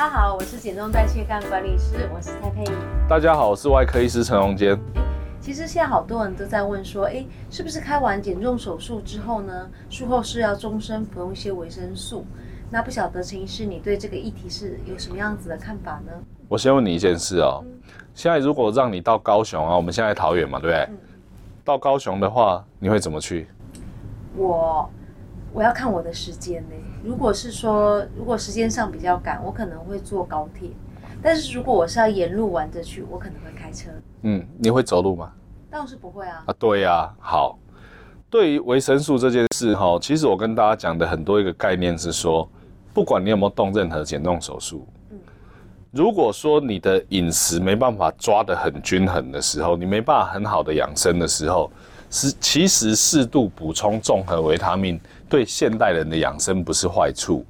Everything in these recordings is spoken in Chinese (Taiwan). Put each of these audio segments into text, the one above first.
大家好，我是減重代謝個管理師，我是蔡沛穎。大家好，我是外科醫師陳榮堅。哎，其實現在好多人都在問說，哎，是不是開完減重手術之後呢，術後是要終身服用一些維生素？那不曉得陳醫師，你對這個議題是有什麼樣子的看法呢？我先問你一件事哦，嗯，現在如果讓你到高雄啊，我們現在在桃園嘛，對不對？嗯。到高雄的話，你會怎麼去？我。我要看我的時間呢。如果是說，如果時間上比較趕，我可能會坐高鐵；但是如果我是要沿路玩着去，我可能會開車。嗯，你會走路嗎？當然是不會啊。啊，對呀、啊。好，對於維生素這件事哈，其實我跟大家講的很多一個概念是說，不管你有沒有動任何減重手術，嗯，如果說你的飲食沒辦法抓得很均衡的時候，你沒辦法很好的養生的時候，是其實適度補充綜合維他命。對現代人的養生不是壞處，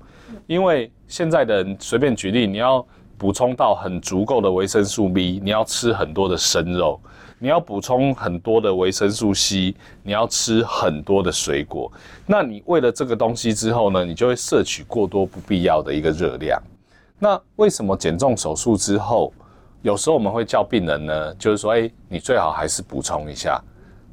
因為現在的人隨便舉例，你要補充到很足夠的維生素 B，你要吃很多的生肉，你要補充很多的維生素 C，你要吃很多的水果。那你為了這個東西之後呢，你就會攝取過多不必要的一個熱量。那為什麼減重手術之後，有時候我們會叫病人呢？就是說，誒，你最好還是補充一下。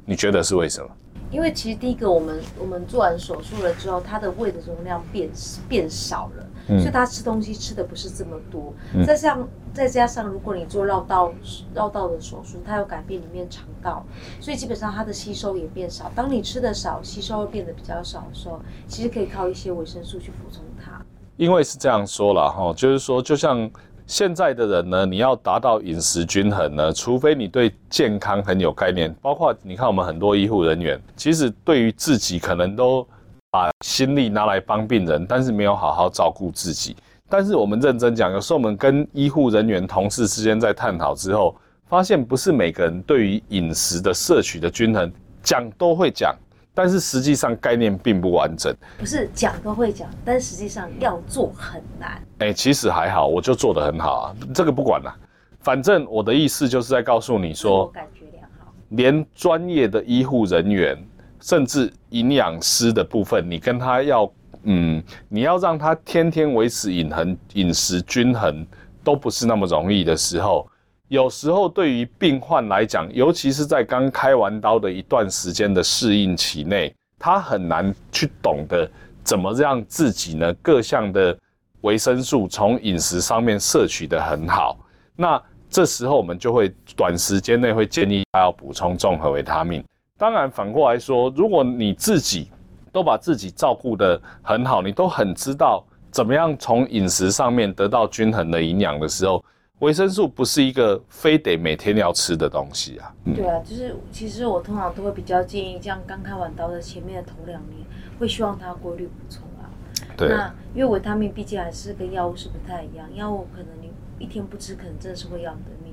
你覺得是為什麼？因為其實第一個，我們我們做完手術了之後，他的胃的容量變變少了，嗯、所以他吃東西吃的不是這麼多。嗯、再像再加上，如果你做繞道繞道的手術，它要改變裡面腸道，所以基本上它的吸收也變少。當你吃的少，吸收會變得比較少的時候，其實可以靠一些維生素去補充它。因為是這樣說了哈、哦，就是說，就像。現在的人呢，你要達到飲食均衡呢，除非你對健康很有概念。包括你看，我們很多醫護人員，其實對於自己可能都把心力拿來幫病人，但是沒有好好照顧自己。但是我們認真講，有時候我們跟醫護人員同事之間在探討之後，發現不是每個人對於飲食的攝取的均衡，講都會講。但是實際上概念並不完整，不是講都會講，但實際上要做很難。哎、欸，其實還好，我就做得很好啊。這個不管了，啊，反正我的意思就是在告訴你說，我感覺良好。連專業的醫護人員，甚至營養師的部分，你跟他要，嗯，你要讓他天天維持飲衡、飲食均衡，都不是那麼容易的時候。有時候對於病患來講，尤其是在剛開完刀的一段時間的適應期內，他很難去懂得怎麼讓自己呢，各項的維生素從飲食上面攝取得很好。那這時候我們就會短時間內會建議他要補充綜合維他命。當然反過來說，如果你自己都把自己照顧得很好，你都很知道怎麼樣從飲食上面得到均衡的營養的時候。維生素不是一個非得每天要吃的東西啊。嗯、對啊，就是其實我通常都會比較建議，這樣剛開完刀的前面的頭兩年，會希望它規律補充啊。對。那因為維他命畢竟還是跟藥物是不太一樣，藥物可能你一天不吃，可能真的是會要你的命。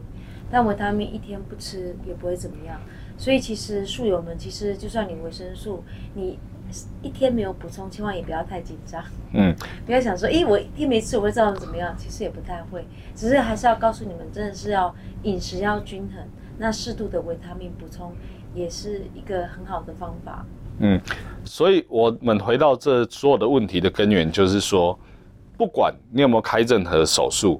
但維他命一天不吃也不會怎麼樣，所以其實素友們，其實就算你維生素你。一天沒有補充，千萬也不要太緊張。嗯，不要想說，誒，我一天沒吃，我會造成怎麼樣？其實也不太會，只是還是要告訴你們，真的是要飲食要均衡，那適度的維他命補充也是一個很好的方法。嗯，所以我們回到這所有的問題的根源，就是說，不管你有沒有開任何手術，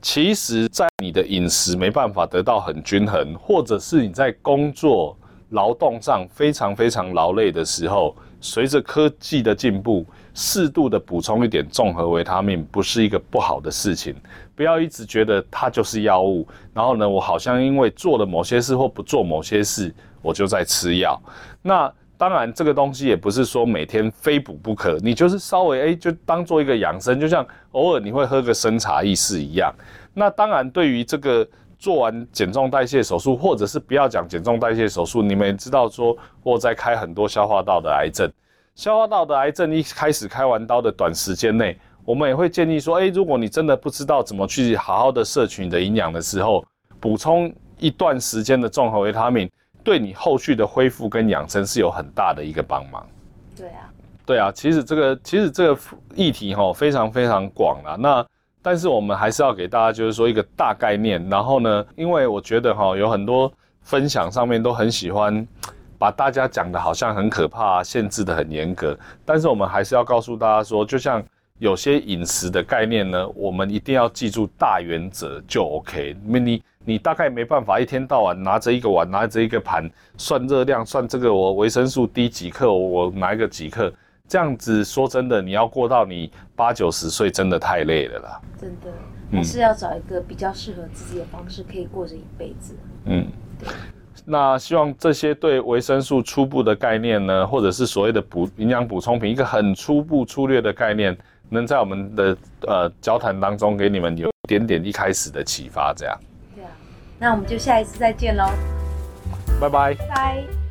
其實在你的飲食沒辦法得到很均衡，或者是你在工作。勞動上非常非常勞累的時候，隨着科技的進步，適度的補充一點綜合維他命，不是一個不好的事情。不要一直覺得它就是藥物，然後呢，我好像因為做了某些事或不做某些事，我就在吃藥。那當然，這個東西也不是說每天非補不可，你就是稍微誒，就當做一個養生，就像偶爾你會喝個參茶意思一樣。那當然，對於這個。做完減重代謝手術，或者是不要講減重代謝手術，你們也知道說，我在開很多消化道的癌症。消化道的癌症一開始開完刀的短時間內，我們也會建議說，誒、欸，如果你真的不知道怎麼去好好的攝取你的營養的時候，補充一段時間的綜合維他命，對你後續的恢復跟養成是有很大的一個幫忙。對啊，對啊，其實這個其實這個議題哈、哦、非常非常廣了、啊。那。但是我們還是要給大家，就是說一個大概念。然後呢，因為我覺得哈、喔，有很多分享上面都很喜歡，把大家講的好像很可怕，限制的很嚴格。但是我們還是要告訴大家說，就像有些飲食的概念呢，我們一定要記住大原則就 OK。你你你大概沒辦法一天到晚拿着一個碗，拿着一個盤，算熱量，算這個我維生素 D 幾克，我，我拿一個幾克。這樣子說真的，你要過到你八九十歲，真的太累了啦。真的，還是要找一個比較適合自己的方式，可以過着一輩子。嗯，對。那希望這些對維生素初步的概念呢，或者是所謂的補營養補充品，一個很初步粗略的概念，能在我們的呃交談當中給你們有一點點一開始的啟發。這樣。對啊，那我們就下一次再見嘍。拜拜。拜。